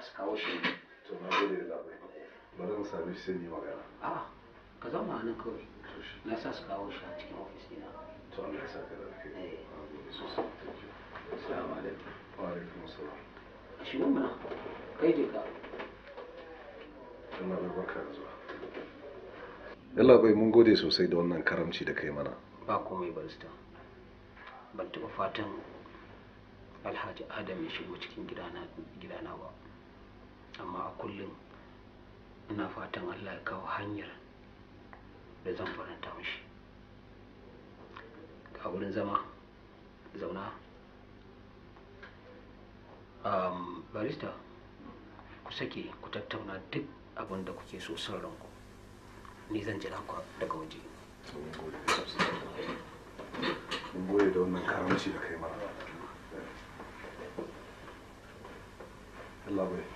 za to to thank you alaikum wa alaikum mana kai je ka Allah zuwa Allah bai mun gode sosai da wannan karamci da kai mana ba komai barista ban taɓa fatan alhaji adam ya shigo cikin gidana ba amma a kullum ina fatan allah ya kawo hanyar da zan faranta mashi ga wurin zama zauna um, barista ku sake ku tattauna duk abinda da kuke so son ranku ni zan jira ku daga waje mun da wannan karamci da kai mara Allah bai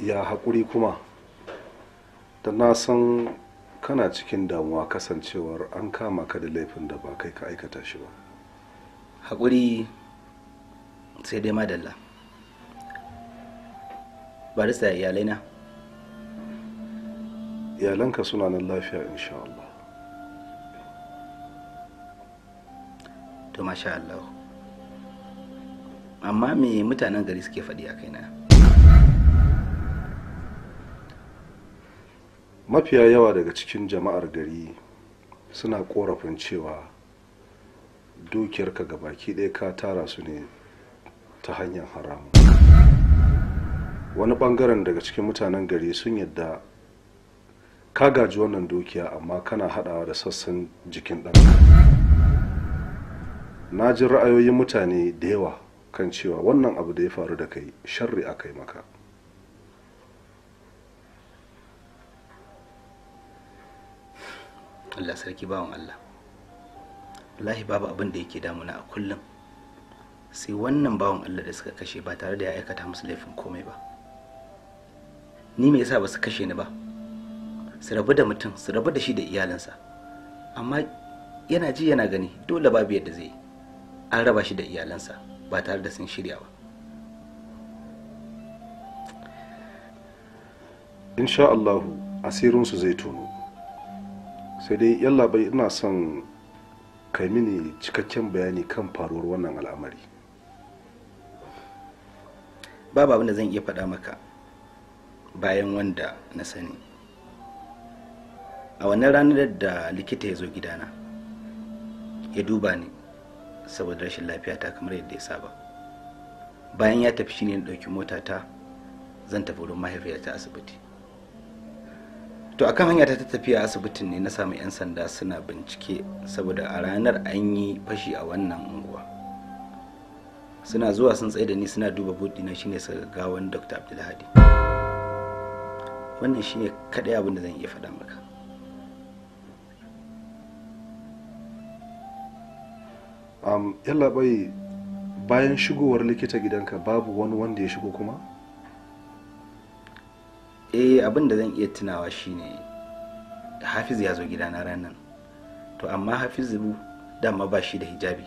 ya haƙuri kuma da na san kana cikin damuwa kasancewar an kama ka da laifin da ba kai ka aikata shi ba haƙuri sai dai madalla tsaye iyalai na iyalanka suna nan lafiya insha Allah to masha Allah amma me mutanen gari suke faɗi a kaina mafiya yawa daga cikin jama'ar gari suna korafin cewa dukiyarka ga baki ɗaya ka tara su ne ta hanyar haramu wani ɓangaren daga cikin mutanen gari sun yadda ka gaji wannan dukiya amma kana haɗawa da sassan jikin ɗan na ji ra'ayoyin mutane da yawa kan cewa wannan abu da ya faru da kai sharri aka yi maka Allah sarki bawan Allah wallahi babu abin da yake damuna a kullum sai wannan bawan Allah da suka kashe ba tare da ya aikata musu laifin komai ba ni me yasa ba su kashe ni ba su rabu da mutum su rabu da shi da iyalinsa amma yana ji yana gani dole babu yadda zai an raba shi da iyalansa ba tare da sun shirya ba insha asirin asirinsu zai tono sai dai yalla bai ina son kai mini cikakken bayani kan faruwar wannan al'amari babu abinda zan iya faɗa maka bayan wanda na sani a wannan ranar da likita ya zo gidana ya duba ni saboda rashin lafiyata kamar yadda ya saba bayan ya tafi shi ne na ɗauki motata zan tafi wurin mahaifiyata asibiti to akan hanya ta tafiya asibitin ne na samu 'yan sanda suna bincike saboda a ranar an yi fashi a wannan unguwa suna zuwa sun tsaye da ni suna duba buɗi na shine su gawan dr abdulhadi wannan shine kaɗai abin da zan iya faɗa maka bayan shigowar likita gidanka babu wani wanda ya shigo kuma eh abin da zan iya tunawa shine hafiz ya zo gidana ranar to amma hafizu dama ba shi da hijabi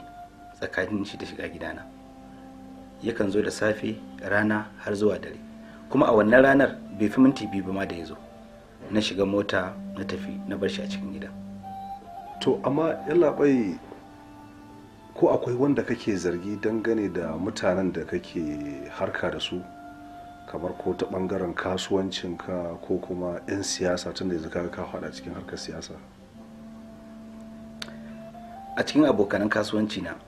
tsakanin shi da shiga gidana yakan zo da safe rana har zuwa dare kuma a wannan ranar bai fi minti biyu ba ma da ya zo na shiga mota na tafi na bar shi a cikin gida to amma yallaɓai ko akwai wanda kake zargi dangane da mutanen da kake harka da su kamar ko ta bangaren kasuwancinka ko kuma 'yan siyasa tun da yanzu ka hada cikin harkar siyasa a cikin abokanan kasuwanci na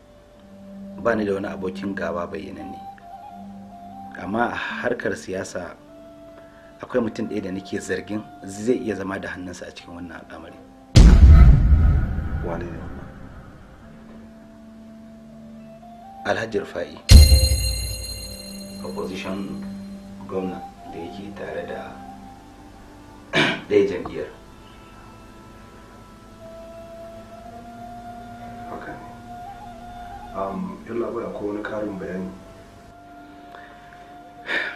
ba ni da wani abokin gaba ne, amma a harkar siyasa akwai mutum ɗaya da nake zargin zai iya zama da hannunsa a cikin wannan al'amari wane ne wannan alhaji rufa'i opposition gwamna da yake tare da ɗaya jam'iyyar haka ne um, yalla ko wani karin bayani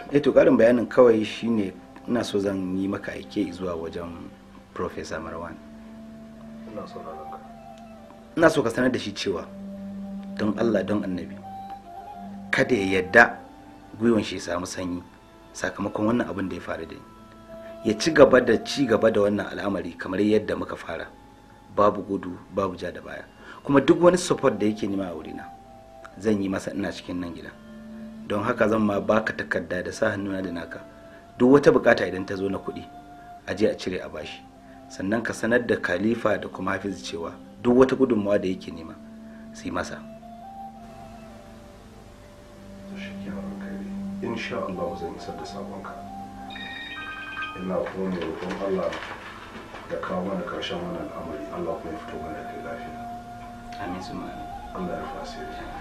eto eh to karin bayanin kawai shine ina so zan yi maka aike zuwa wajen professor marwan ina so ka sanar da shi cewa don allah don annabi kada ya yadda gwiwon shi samu sanyi sakamakon wannan abin da ya faru da ya ci gaba da ci gaba da wannan al'amari kamar yadda muka fara babu gudu babu ja da baya kuma duk wani support da yake nema a wurina zan yi masa ina cikin nan gida don haka zan ma baka takarda da sa hannuna da naka duk wata bukata idan ta zo na kuɗi a je a cire a bashi sannan ka sanar da kalifa da kuma hafiz cewa duk wata gudunmawa da yake nema su yi masa insha Allah zan isar da sabonka ina kuma roƙon Allah da kawo mana karshen wannan al'amari Allah kuma ya fito mana da lafiya amin su Allah ya fasiri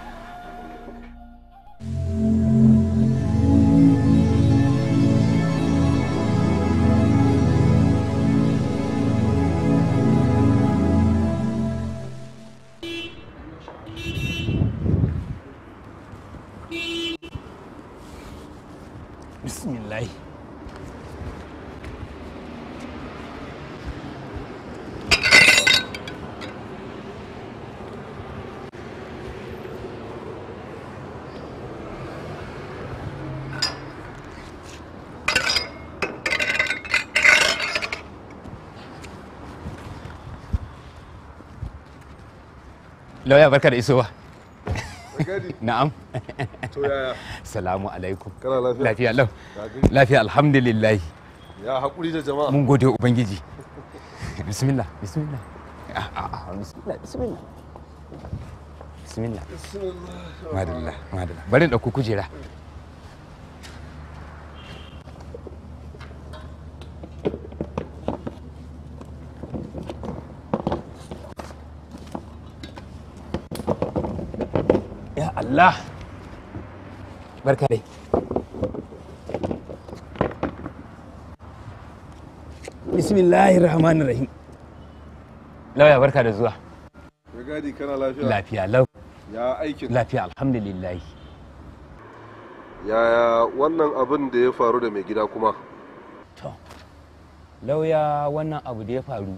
lauya barka da isowa na'am to yaya salamu alaikum kana lafiya lafiya lau lafiya alhamdulillah ya hakuri da jama'a mun gode ubangiji bismillah ah, ah, ah, bismillah bismillah bismillah bismillah madalla madalla bari in dauko kujera Abdullah. Barka dai. Bismillahir Rahmanir Rahim. Lauya barka da zuwa. Ya gadi kana lafiya? Lafiya lau. Ya aikin? Lafiya alhamdulillah. Yaya wannan abin da ya faru da mai gida kuma? To, lauya wannan abu da ya faru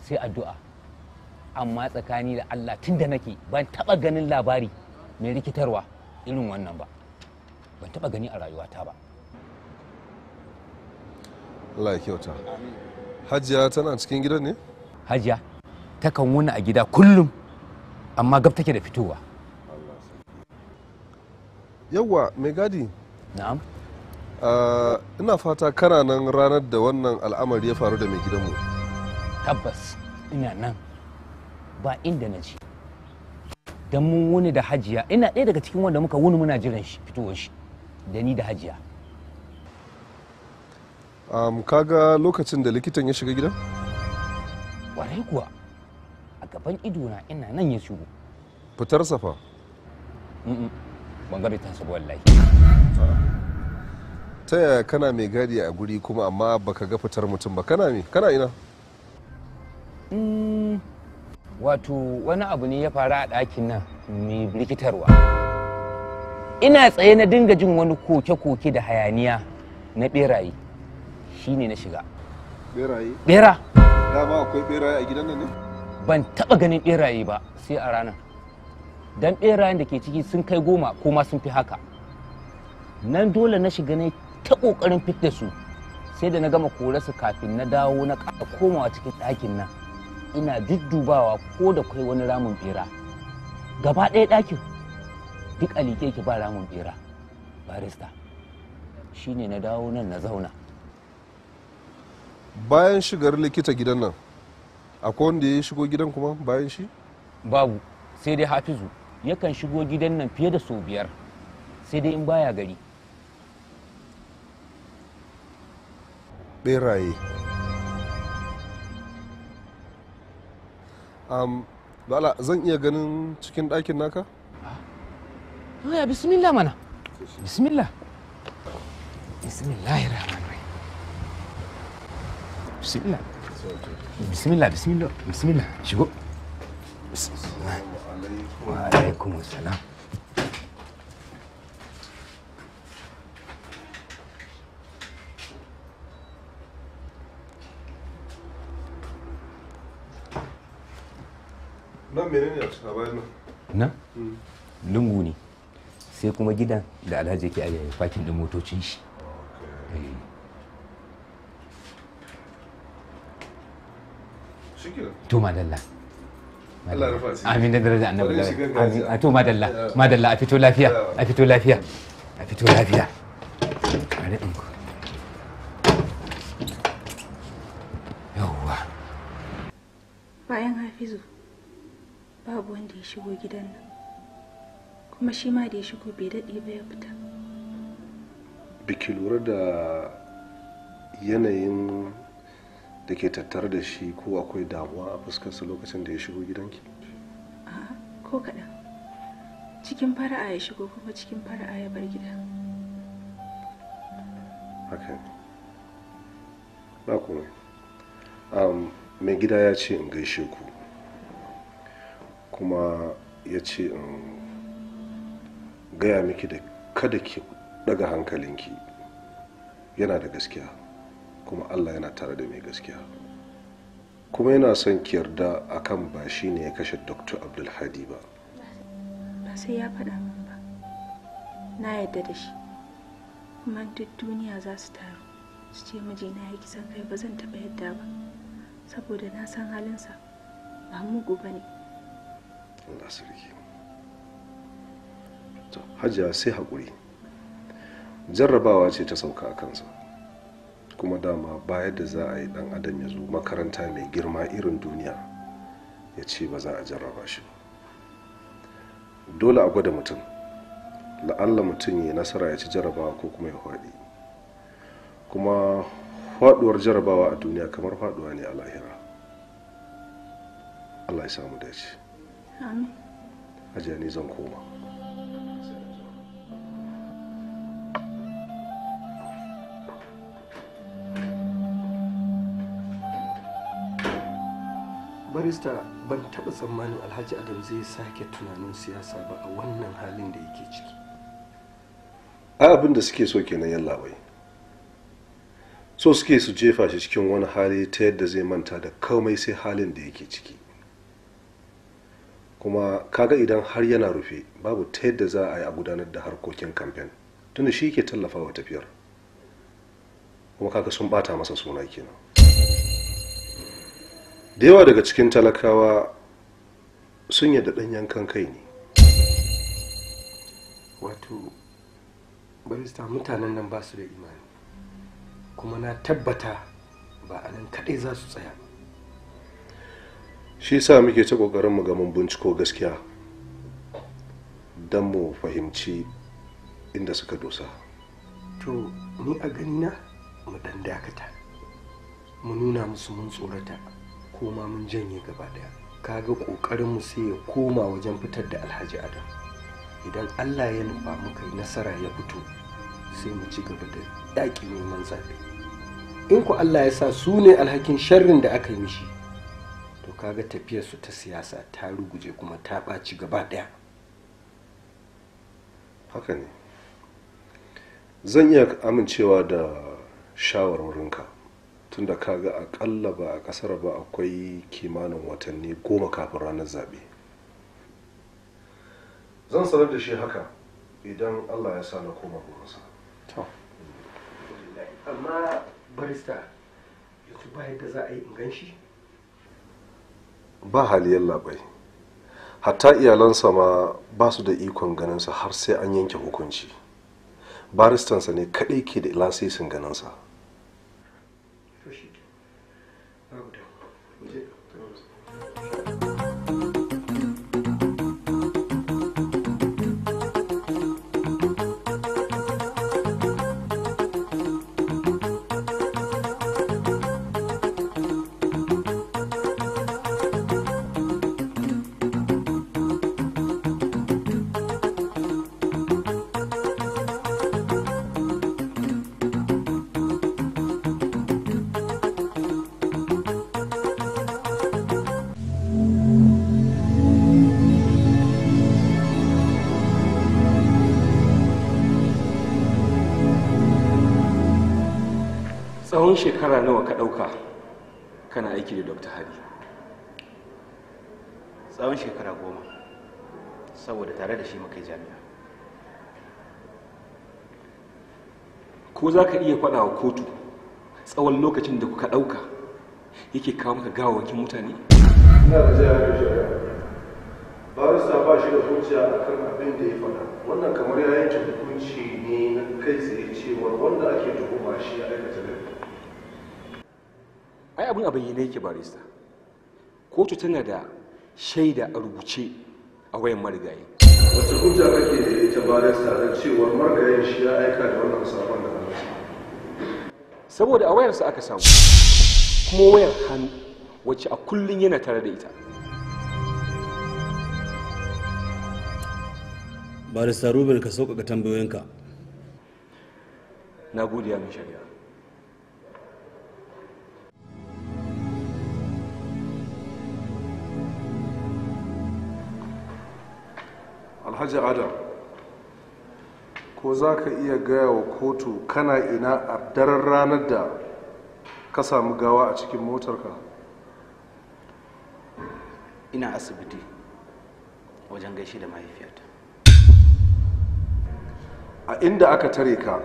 sai addu'a. Amma tsakani da Allah tun da nake ban taɓa ganin labari mai rikitarwa irin wannan ba ban taba gani a rayuwata ba Allah ya kyauta hajiya tana cikin gidan ne hajiya takan wuna a gida kullum amma gab take da fitowa yawwa mai gadi na'am ah, ina fata kana nan ranar da wannan al'amari ya faru da mai gidanmu tabbas ina nan ba inda na ce Dan mun wuni da hajiya ina ɗaya daga cikin wanda muka wuni muna jiran shi fitowar shi da ni da hajiya um, kaga lokacin da likitan ya shiga gidan? warai kuwa a gaban idona ina nan ya shigo fitar safa? ban gari ta wallahi ta yaya kana mai gadi a guri kuma amma baka ga fitar mutum ba kana ne kana ina? Mm, wato wani abu ne ya faru a ɗakin nan mai rikitarwa ina tsaye na dinga jin wani koke-koke da hayaniya na beraye shine na shiga beraye bera dama akwai beraye a gidan nan ban taɓa ganin beraye ba sai a ranar don berayen da ke ciki sun kai goma ko ma sun fi haka nan dole na shiga ne ta ƙoƙarin fit su sai da na gama kore kafin na dawo na ƙasa komawa cikin ɗakin nan ina duddubawa ko da kai wani ramin bera gaba ɗaya ɗakin duk a liƙe ki ba ramin bera barista shine na dawo nan na zauna bayan shigar likita gidan nan akwai wanda ya shigo gidan kuma bayan shi babu sai dai hafizu yakan shigo gidan nan fiye da sau biyar sai dai in baya gari beraye um, zan iya ganin cikin ɗakin naka? Ah. Ya bismillah mana. Bismillah. Bismillah rahman rahim. Bismillah. Bismillah bismillah bismillah shigo. Wa alaikum salam. nan menene a bayan nan mm. lungu ne sai kuma gidan da alhaji yake a yayin fakin din motocin shi eh. to madalla amin da daraja annabi da amin a to madalla madalla a fito lafiya a fito lafiya a fito lafiya a ku shigo gidan nan kuma shi ma da ya shigo bai daɗe ba ya fita biki lura da yanayin da ke tattare da shi ko akwai damuwa a fuskarsa lokacin da ya shigo gidanki ko kaɗan cikin fara'a ya shigo kuma cikin fara'a ya bar gida haka ba komai mai gida ya ce in gaishe ku kuma ya ce in gaya miki da kada ki daga hankalinki yana da gaskiya kuma allah yana tare da mai gaskiya kuma yana son ki yarda akan ba shi ne ya kashe dr abdulhadi ba ba sai ya faɗa min ba na yarda da shi kuma duk duniya za su taru su ce mijina ya kisan kai ba zan taɓa yarda ba saboda na san halinsa ba mugu ba ne Allah to hajiya sai haƙuri jarrabawa ce ta sauka a kansa kuma dama bayar da za a yi dan adam ya zo makaranta mai girma irin duniya ya ce ba za a jarraba shi dole a gwada mutum la'alla mutum ya nasara ya ci jarrabawa ko kuma ya faɗi kuma faɗuwar jarrabawa a duniya kamar faɗuwa ne a lahira Allah ya samu dace. Ajani zan koma. barista ban taɓa tsammanin alhaji adam zai sake tunanin siyasa ba a wannan halin da yake ciki a abin da suke so kenan yalla bai so suke su jefa shi cikin wani hali ta yadda zai manta da komai sai halin da yake ciki kuma kaga idan har yana rufe babu ta yadda za a yi a gudanar da harkokin kamfen tunda shi ke tallafa wa tafiyar kuma kaga sun bata masa suna kenan da yawa daga cikin talakawa sun yadda ɗan yankan kai ne wato barista mutanen nan ba su da imani kuma na tabbata ba a nan kaɗai za su tsaya ba shi sa muke ta kokarin mu mun binciko gaskiya don mu fahimci inda suka dosa to ni a ganina mu ɗan dakata mu nuna musu mun tsorata ko ma mun janye gaba daya kaga ƙoƙarin mu sai ya koma wajen fitar da alhaji adam idan allah ya nufa muka nasara ya fito sai mu ci gaba da yaƙi neman zaɓe in ku allah ya sa su ne alhakin sharrin da aka yi mishi kaga tafiyarsu ta siyasa ta ruguje kuma ta ɓaci gaba ɗaya haka ne zan iya amincewa da shawarwarinka tunda kaga akalla ba a ƙasar ba akwai kimanin watanni goma kafin ranar zaɓe zan sanar da shi haka idan allah ya sa na koma gurinsa amma barista yanzu ba yadda za a yi inganshi ba haliyar yallaɓai, hatta iyalansa ma ba su da ikon ganinsa har sai an yanke hukunci baristansa ne kaɗai ke da lasisin ganinsa tsawon shekara nawa ka ɗauka kana aiki da dr hadi tsawon shekara goma saboda tare da shi muka jami'a ko za ka iya fada wa kotu tsawon lokacin da kuka ɗauka yake kawo maka gawawakin mutane? ina da zai haka shari'a sa ba shi da hujja a kan abin da ya faɗa wannan kamar ya yanke hukunci ne na kai tsaye cewar wanda ake tuhuma shi a aikata laifi abin a bayyane yake barista kotu tana da shaida a rubuce a wayan marigayi wata hujja kake da ita barista da cewa marigayin shi ya aika da wannan sabon da hannunsa saboda a wayarsa aka samu kuma wayar hannu wacce a kullum yana tare da ita barista rubin ka sauƙaƙa tambayoyinka na gode ya mai shari'a alhaji adam ko za ka iya gaya wa kotu kana ina a daren ranar da ka samu gawa a cikin motarka ina asibiti wajen gaishe da mahaifiyata a inda aka tare ka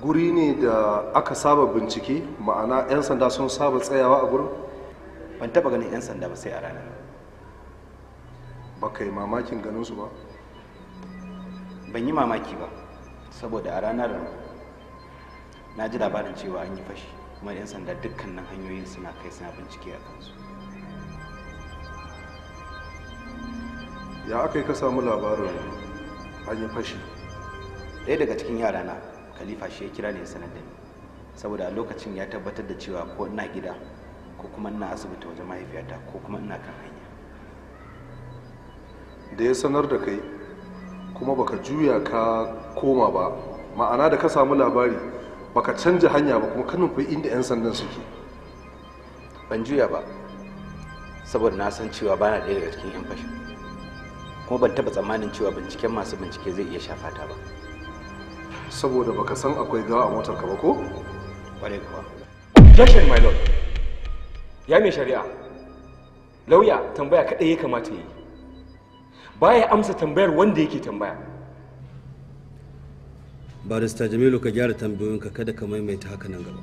guri ne da aka saba bincike ma'ana 'yan sanda sun saba tsayawa a gurin ban taba ganin 'yan sanda ba sai a ranar ba ka yi mamakin ganinsu ba ban yi mamaki ba saboda a ranar na ji labarin cewa an yi fashi kuma 'yan sanda dukkanin hanyoyin suna kai suna bincike a kansu ya aka yi ka samu labarin an yi fashi ɗaya daga cikin yara yarana kalifa shi ya kira ne sanar da ni saboda a lokacin ya tabbatar da cewa ko ina gida ko kuma ina asibiti wajen mahaifiyata ko kuma ina kan hanya da ya sanar da kai kuma baka juya ka koma ba ma'ana da ka samu labari baka canja hanya ba kuma kanin kuwa inda 'yan sandan suke ban juya ba saboda na san cewa bana ɗaya daga cikin 'yan fashi kuma ban taɓa tsammanin cewa binciken masu bincike zai iya shafa ta ba saboda baka san akwai gawa a motar ka ba ko ƙwarai kuwa objection my lord ya mai shari'a lauya tambaya kaɗai ya kamata yi baya amsa tambayar wanda yake tambaya barista jamilu ka gyara tambayoyinka kada ka maimaita haka nan gaba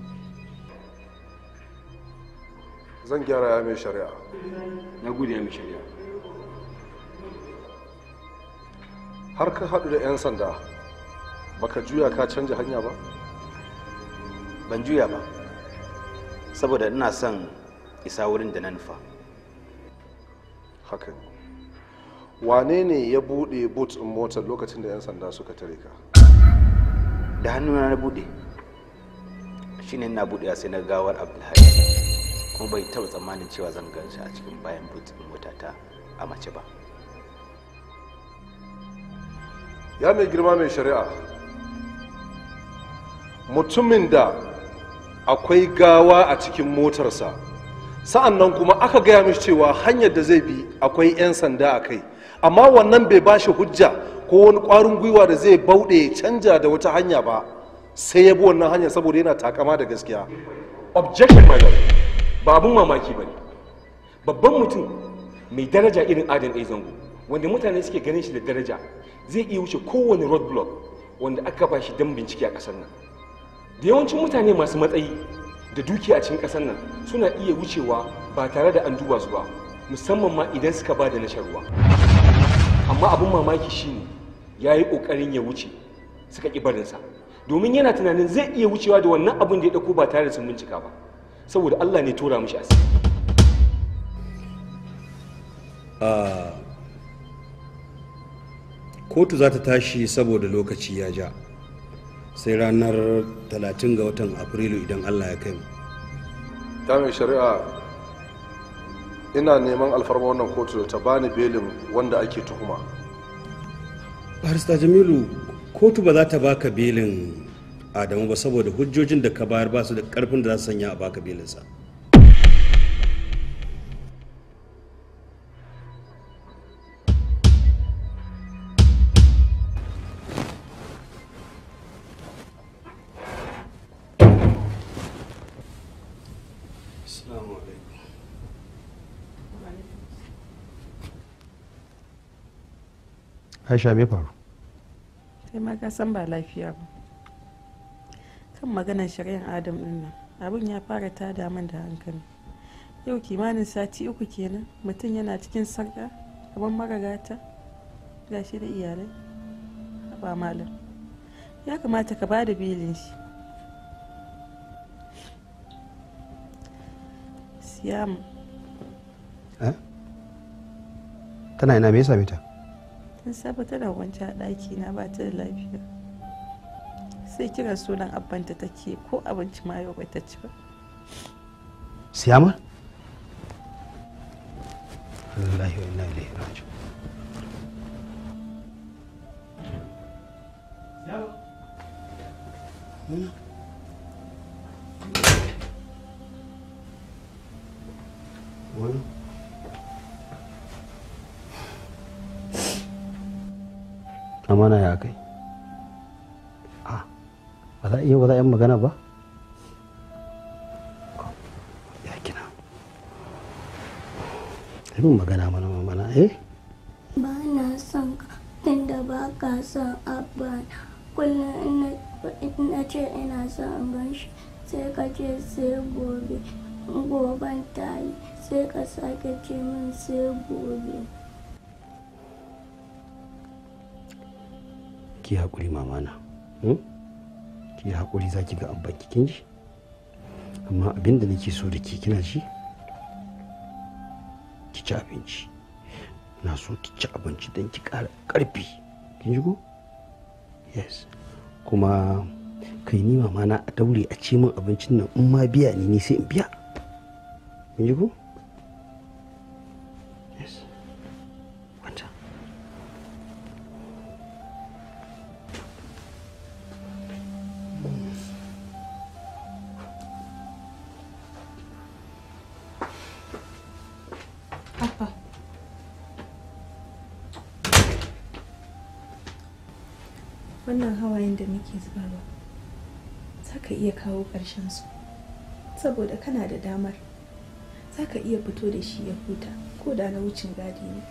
zan gyara ya mai shari'a na gode ya mai shari'a har ka haɗu da 'yan sanda baka juya ka canja hanya ba ban juya ba saboda ina son isa wurin da na nufa haka wane ne ya buɗe boot in motar lokacin da 'yan sanda suka tare ka da hannuna na buɗe shine na buɗe sai na gawar abdulhadi kuma bai taba tsammanin cewa zan gan shi a cikin bayan boot in ta a mace ba ya mai girma mai shari'a mutumin da akwai gawa a cikin motarsa sa'an nan kuma aka gaya mishi cewa hanyar da zai bi akwai 'yan sanda a kai amma wannan bai ba shi hujja ko wani ƙwarin gwiwa da zai bauɗe canja da wata hanya ba sai ya bi wannan hanya saboda yana takama da gaskiya objection malam ba abun mamaki ba ne babban mutum mai daraja irin adam a zango wanda mutane suke ganin shi da daraja zai iya wuce kowane roadblock wanda aka ba shi don bincike a ƙasar nan da yawancin mutane masu matsayi da dukiya a cikin ƙasar nan suna iya wucewa ba tare da an duba su ba musamman ma idan suka ba da na ruwa. amma abin mamaki shine ya yi ƙoƙarin ya wuce suka ƙi barinsa domin yana tunanin zai iya wucewa da wannan abin da ya ɗauko ba tare da sun bincika ba saboda allah ne tura mishi asiri kotu za ta tashi saboda lokaci ya ja sai ranar 30 ga watan afrilu idan allah ya kai mu ta mai shari'a ina neman alfarma wannan kotu da ta bani belin wanda ake tuhuma barista jamilu kotu ba za ta baka belin adamu ba saboda hujjojin da ka bayar ba su da karfin da za su sanya a baka belinsa aisha me faru sai ma ka san ba lafiya ba kan maganar shari'ar adam din nan abin ya fara ta damar da hankali yau kimanin sati uku kenan mutum yana cikin sarka abin maragata gashi da iyalai ba malam ya kamata ka ba da belin shi siyam eh? tana ina me yasa tun safe tana kwance a ɗaki na ba ta da lafiya sai kira sunan abbanta take ko abinci ma yau bai ta ci ba siyama lillahi wa inna ilaihi raji'un siyama hmm? yau ba za a yi magana ba ya kina yi magana mana mana eh ba na son ka tunda ba ka son abba kullum ina ce ina son gan shi sai ka ce sai gobe goben ta yi sai ka sake ce min sai gobe ki haƙuri mamana. Hmm? ki haƙuri za ki ga an baki kin ji amma abin da nake so da ke kina ji ki ci abinci na so ki ci abinci don ki ƙara ƙarfi kin ji ko yes kuma kai ni mama na a daure a ce min abincin nan in ma biya ni ni sai in biya kin ji ko ƙarshensu saboda kana da damar za ka iya fito da shi ya huta ko da na wucin gadi ne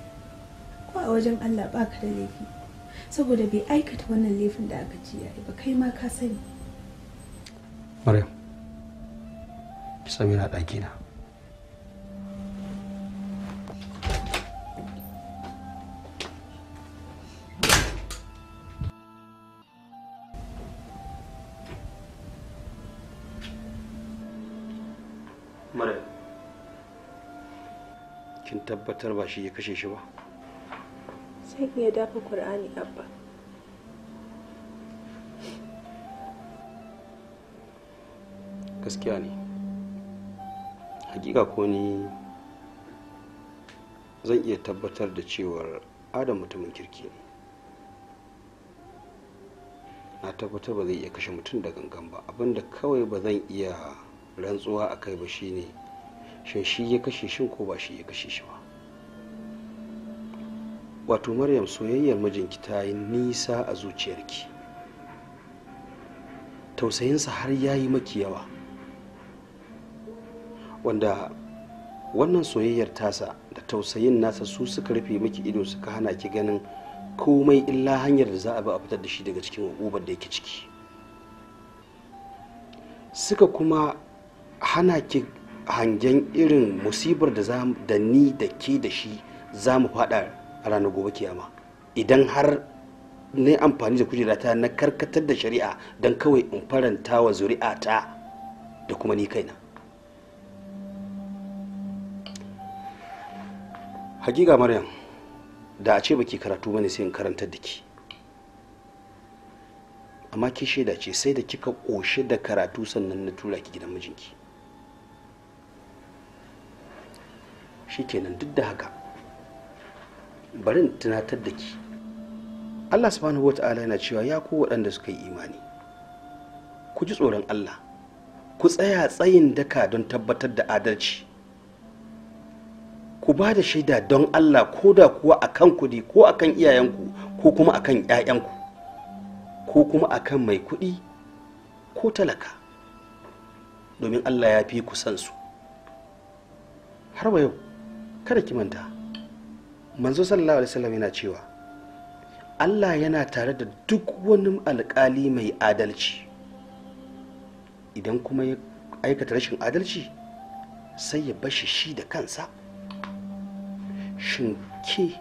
ko a wajen allah ba ka da laifi saboda bai aikata wannan laifin da aka ji ya ba kai ma ka sani maryam samira sami ɗaki kin tabbatar ba shi ya kashe shi ba sai iya dafa qur'ani abba gaskiya ne hakika ko ni zan iya tabbatar da cewar adam mutumin kirki ne na tabbatar ba zai iya kashe mutum da gangan ba abinda kawai ba zan iya rantsuwa a kai ba shine shin shi ya kashe shin ko ba shi ya kashe shi ba wato maryam soyayyar mijinki ta yi nisa a zuciyarki tausayinsa har ya yi maki yawa wanda wannan soyayyar tasa da tausayin nasa su suka rufe maki ido suka hana ki ganin komai illa hanyar da za a bi a fitar da shi daga cikin hukubar da yake ciki suka kuma hana ki hangen irin musibar da da ni da ke da shi za mu fada a ranar gobe kiyama idan har na amfani da kujera ta na karkatar da shari'a don kawai in faranta wa zuri'a ta da kuma ni kaina hakika maryam da a ce ke karatu bane sai in karanta da ke amma ki shaida ce sai da kika ƙoshe da karatu sannan na tura ki gidan mijinki shikenan duk da haka bari in tunatar da ki Allah subhanahu wata'ala yana cewa ya ku waɗanda suka yi imani ku ji tsoron Allah ku tsaya tsayin daka don tabbatar da adalci ku ba da shaida don Allah ko da kuwa a kan kudi ko a kan iyayenku ko kuma a kan ‘ya'yanku ko kuma a kan mai kuɗi ko talaka domin Allah ya fi ku san su har wa yau kada ki manta manzo sallallahu alaihi wasallam yana cewa Allah yana tare da duk wani alƙali mai adalci idan kuma ya aikata rashin adalci sai ya bashi shi da kansa shin ke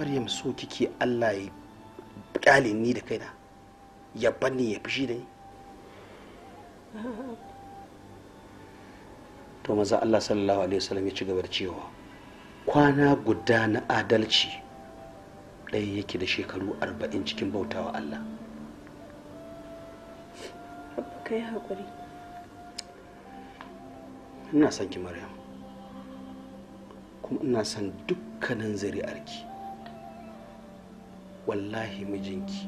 maryam so kike Allah ya kyale ni da kaina ya banni ya fishi da ni to maza Allah sallallahu alaihi wasallam ya ci gaba da cewa kwana guda na adalci ɗaya yake da shekaru arba'in cikin bautawa Allah kai ina son ki maryam kuma ina son dukkanin zuri'arki wallahi mijinki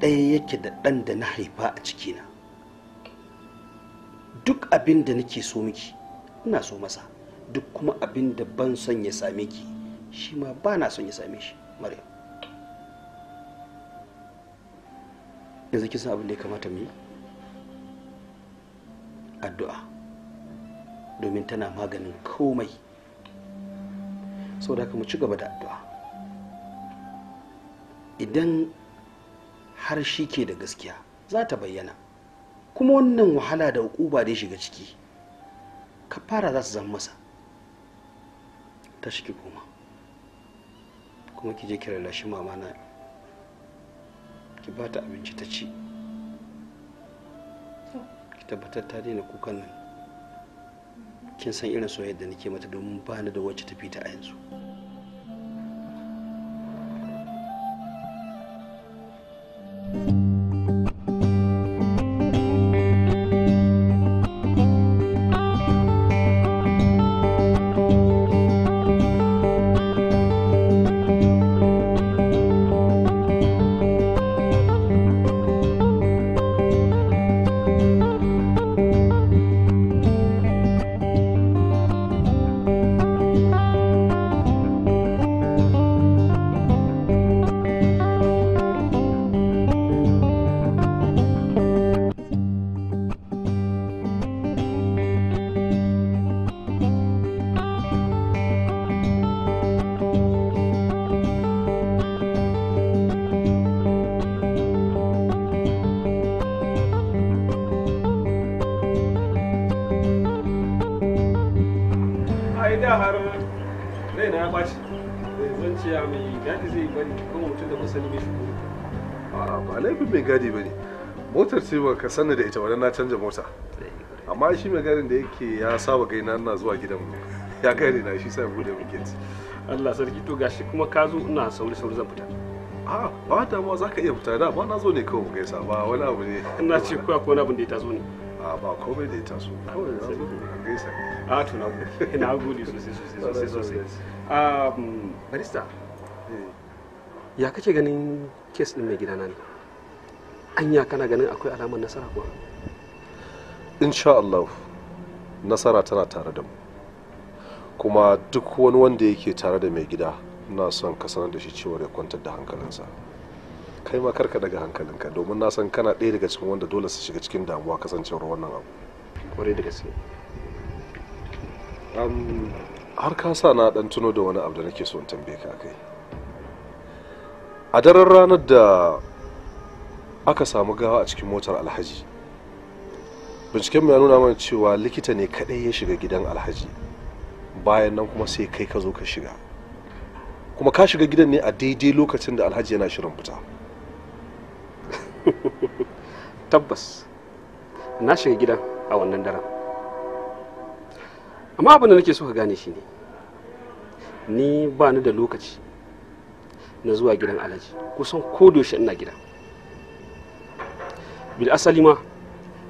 ɗaya yake da ɗan da na haifa a cikina duk abin da nake so miki ina so masa duk kuma abin da ban son ya same ki shi ma ba na son ya same shi maryam yanzu kisan abin da ya kamata mu yi addu'a domin tana maganin komai saboda da mu ci gaba da addu'a idan har shi ke da gaskiya za ta bayyana kuma wannan wahala da hukuba da ya shiga ciki kafara za su zama masa ta shi ki kuma ki je ki rallashi mamana ki ba ta abinci ta ci ki tabbatar ta daina kukan nan kin san irin soyayya da nake mata domin ba ni da wacce ta fita a yanzu gadi ba ne motar ce ba ka sani da ita wadda na canja mota amma shi mai garin da yake ya saba gaina na zuwa gidan mu ya gane na shi sai bude mu gate Allah sarki to gashi kuma ka zo ina sauri sauri zan fita a ba ta ma zaka iya fita da ba na zo ne kawai mu gaisa ba wani abu ne ina ce ko akwai wani abu da ya tazo ne a ba komai da ya tazo kawai na zo gaisa a to na gode ina gode sosai sosai sosai sosai um barista eh. ya kace ganin kes din mai gidana ne anya kana ganin akwai alamar nasara kuwa insha Allah nasara tana tare da mu kuma duk wani wanda yake tare da mai gida na son ka sanar da shi cewa ya kwantar da hankalinsa kai ma karka daga hankalinka domin na san kana ɗaya daga cikin wanda dole su shiga cikin damuwa kasancewar wannan abu kware da gaske har ka sa na dan tuno da wani abu da nake so in tambaye ka kai a daren ranar da aka samu gawa a cikin motar alhaji binciken ya nuna mana cewa likita ne kaɗai ya shiga gidan alhaji bayan nan kuma sai kai ka zo ka shiga kuma ka shiga gidan ne a daidai lokacin da alhaji yana shirin fita tabbas na shiga gidan a wannan daren amma abin da nake so ka gane shi ne ni ba ni da lokaci na zuwa gidan alhaji kusan ko ina gidan. bil asali ma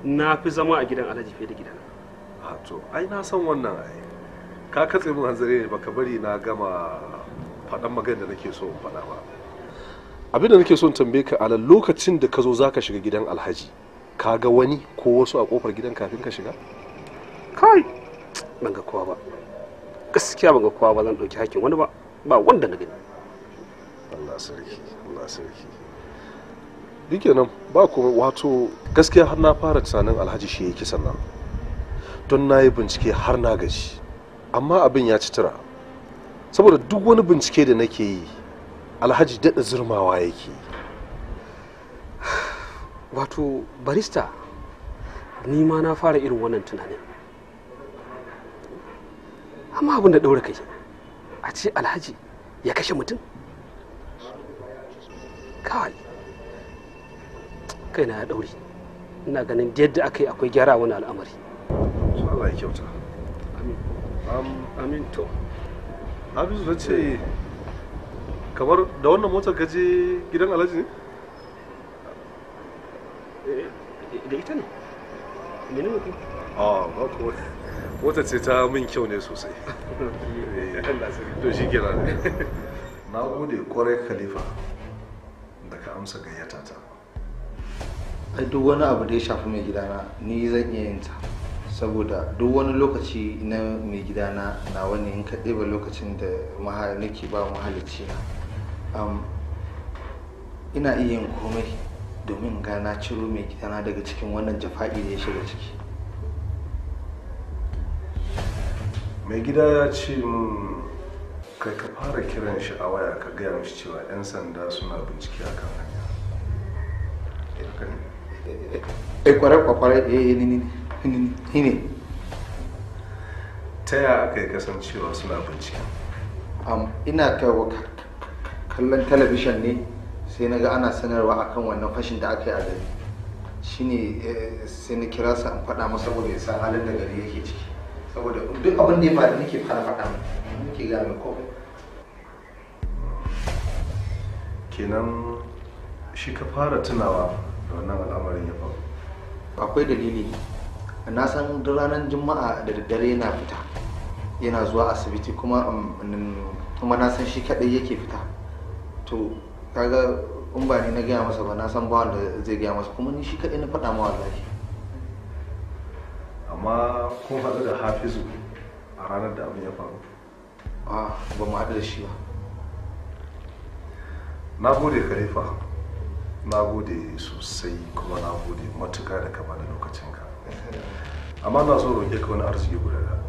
na fi zama a gidan alhaji fiye da gidan to ai na san wannan ai ka katse min hanzari ne baka bari na gama faɗan magana da nake so in faɗa ba abin da nake so in tambaye ka ala lokacin da ka zo zaka shiga gidan alhaji ka ga wani ko wasu a kofar gidan kafin ka shiga kai ban ga kowa ba gaskiya ban ga kowa ba zan ɗauki hakkin wani ba ba wanda na gani Allah sarki Allah sarki nan ba kuma wato gaskiya har na fara tunanin alhaji shi ya yake sannan don na yi bincike har na gaji amma abin ya ci tura saboda duk wani bincike da nake yi alhaji daɗa zurmawa yake wato barista ni ma na fara irin wannan tunanin amma abin da ɗaura kai a ce alhaji ya kashe mutum kawai kaina ya dauri ina ganin yadda aka yi akwai gyara wani al'amari Allah ya kyauta amin to abin na ce kamar da wannan motar gaje gidan alhaji ne eh, da ita ne mini mutum ba ah, ko wata ce ta min kyau ne sosai to shi kenan na gode kwarai khalifa da ka amsa gayyata ta ai duk wani abu da ya shafi mai gidana ni zan iya yin ta saboda duk wani lokaci na mai gidana na wani in ka ɗeba lokacin da nake ba mahalicci na ina iya yin komai domin gana ciro mai gidana daga cikin wannan jafa'i da ya shiga ciki mai gida ya ce mun kai ka fara kiran shi a waya ka gaya mishi cewa 'yan sanda suna bincike akan Eh, eh, ya yi ni ne ta yi aka yi kasancewa suna binciken. ina kaiwa kallon talabishin ne sai na ga ana sanarwa akan wannan fashin da aka yi a gari ne eh, sai na kira sa an faɗa masa saboda ya sa halin da gari yake ciki saboda duk abin da ya faru nake fara faɗa mu nake gami ko. kenan shi ka fara tunawa wannan al'amarin ya faru akwai dalili na san ranar juma'a da daddare yana fita yana zuwa asibiti kuma um, kuma na san shi kadai yake fita to kaga in ba ni na gaya masa ba na san ba wanda zai gaya masa kuma ni shi kadai na faɗa ma wallahi amma kun haɗu da hafizu a ranar da abin ya faru ah, ba mu haɗu da shi ba na gode khalifa na gode sosai kuma na gode matuka da kama da lokacinka amma na so roƙe ka wani arziki guda